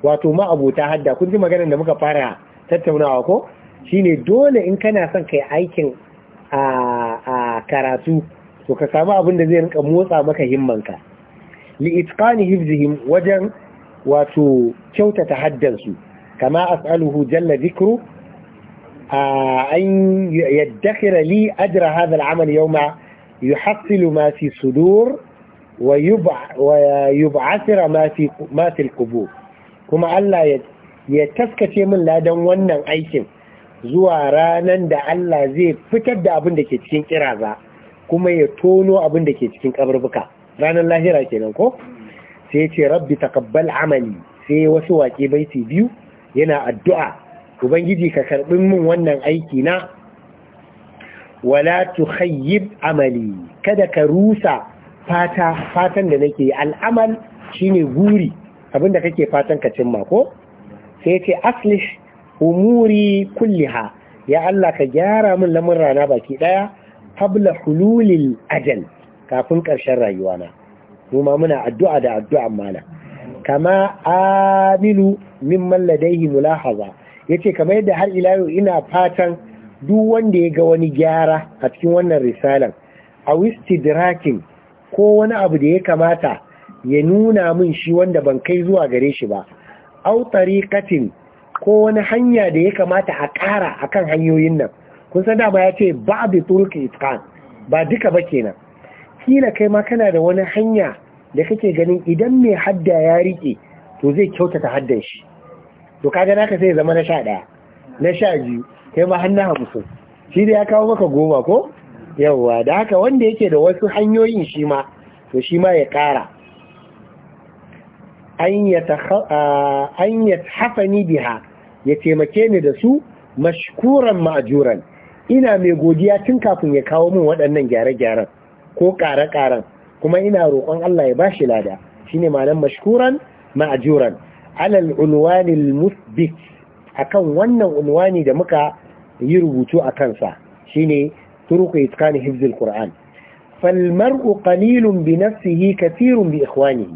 wato ma'abuta hadda kun ji maganar da muka fara tattaunawa ko shine dole in kana son kai aikin a karatu to ka samu abin da zai rinka motsa maka himmanka li itqani hifzihim wajen wato kyautata haddansu kama as'aluhu jalla dhikru أن يدخر لي أجر هذا العمل يوم يحصل ما في صدور ويبعثر ما في ما في القبور كما الله يتسكتي من لا دان wannan aikin zuwa ranan da Allah zai fitar da abinda ke cikin kiraza kuma ya tono abin ke cikin kaburbuka Ranar lahira kenan ko sai ya ce rabbi taqabbal amali sai wasu waƙe baiti biyu yana addu'a ubangiji ka karɓi min wannan aiki na wala tukhayyib amali kada ka rusa fata fatan da nake yi al'amal shine guri abinda kake fatan ka cimma ko sai ce aslish umuri kulliha ya Allah ka gyara min lamurra na baki ɗaya. qabla hululil ajal kafin karshen rayuwana mu ma muna addu'a da addu'an mana kama amilu mimman ladaihi mulahaza ya ce kamar yadda har ila ina fatan duk wanda ya ga wani gyara a cikin wannan risalan a wistidrakin ko wani abu da ya kamata ya nuna min shi wanda ban kai zuwa gare shi ba au ko wani hanya da ya kamata a ƙara kan hanyoyin nan kun san dama ya ce ba bi turki itkan ba duka ba kenan kila kai ma kana da wani hanya da kake ganin idan mai hadda ya riƙe to zai kyautata haddan shi to kaga naka sai zama na sha ɗaya na sha biyu kai ma hannu hamsin shi da ya kawo maka goma ko yawwa da haka wanda yake da wasu hanyoyin shi ma to shi ma ya ƙara an ya hafa ni biha ya taimake ni da su mashkuran ma'ajuran ina mai godiya tun kafin ya kawo min waɗannan gyare-gyaren ko ƙare-ƙaren kuma ina roƙon Allah ya ba shi lada Shi ne malam mashkuran ma'ajuran alal unwanil musbik akan wannan unwani da muka yi rubutu a kansa shine turuku itqani hifzil qur'an falmar'u qalilun bi nafsihi kathirun bi ikhwanihi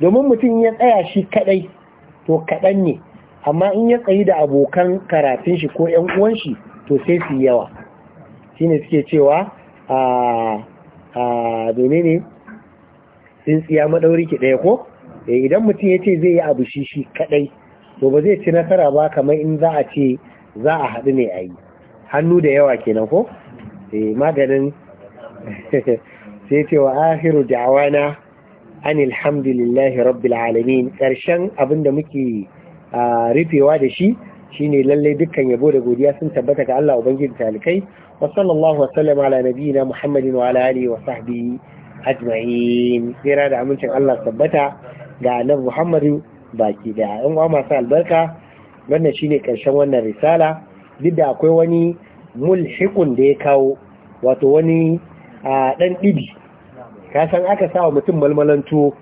domin mutum ya tsaya shi kadai to kadan ne amma in ya tsayi da abokan karatun shi ko ƴan uwan shi to sai su yawa shine suke cewa a ah, a ah, ne tsintsiya madauri ki ɗaya ko Eh, idan mutum ya ce zai yi abu shi shi kadai to ba zai ci nasara ba kamar in za a ce za a haɗu ne ayi. hannu da yawa kenan ko eh, maganin sai ce wa ahiru da'wana an alhamdulillahi rabbil alamin karshen abin da muke rufewa da shi shine lallai dukkan yabo da godiya sun tabbata ga Allah ubangiji talikai wa sallallahu wasallam ala nabiyina muhammadin wa ala alihi wa sahbihi ajma'in kira da amincin Allah tabbata ga nan Muhammadu baki daya in wa masu albarka wannan shine karshen wannan risala duk da akwai wani mulhikun da ya kawo wato wani a dan ka san aka sa wa mutum malmalan tuwo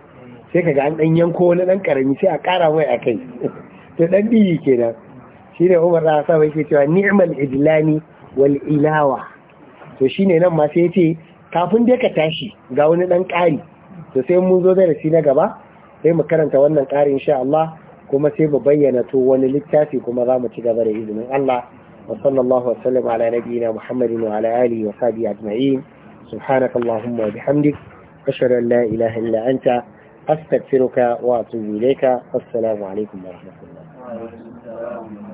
sai kaga an dan yanko wani dan karami sai a kara mai akai to dan dibi kenan shine Umar da sa yake cewa ni'mal idlani wal ilawa to shine nan ma sai ya ce kafin dai ka tashi ga wani ɗan ƙari. to sai mun zo da na gaba sai mu karanta wannan ƙari insha Allah kuma sai mu bayyana to wani littafi kuma za mu ci gaba da izinin Allah wa sallallahu wasallam ala nabiyina Muhammadin wa ala alihi wa sahbihi ajma'in subhanak allahumma wa bihamdik ashhadu an la ilaha illa anta astaghfiruka wa atubu ilayka assalamu alaikum wa rahmatullah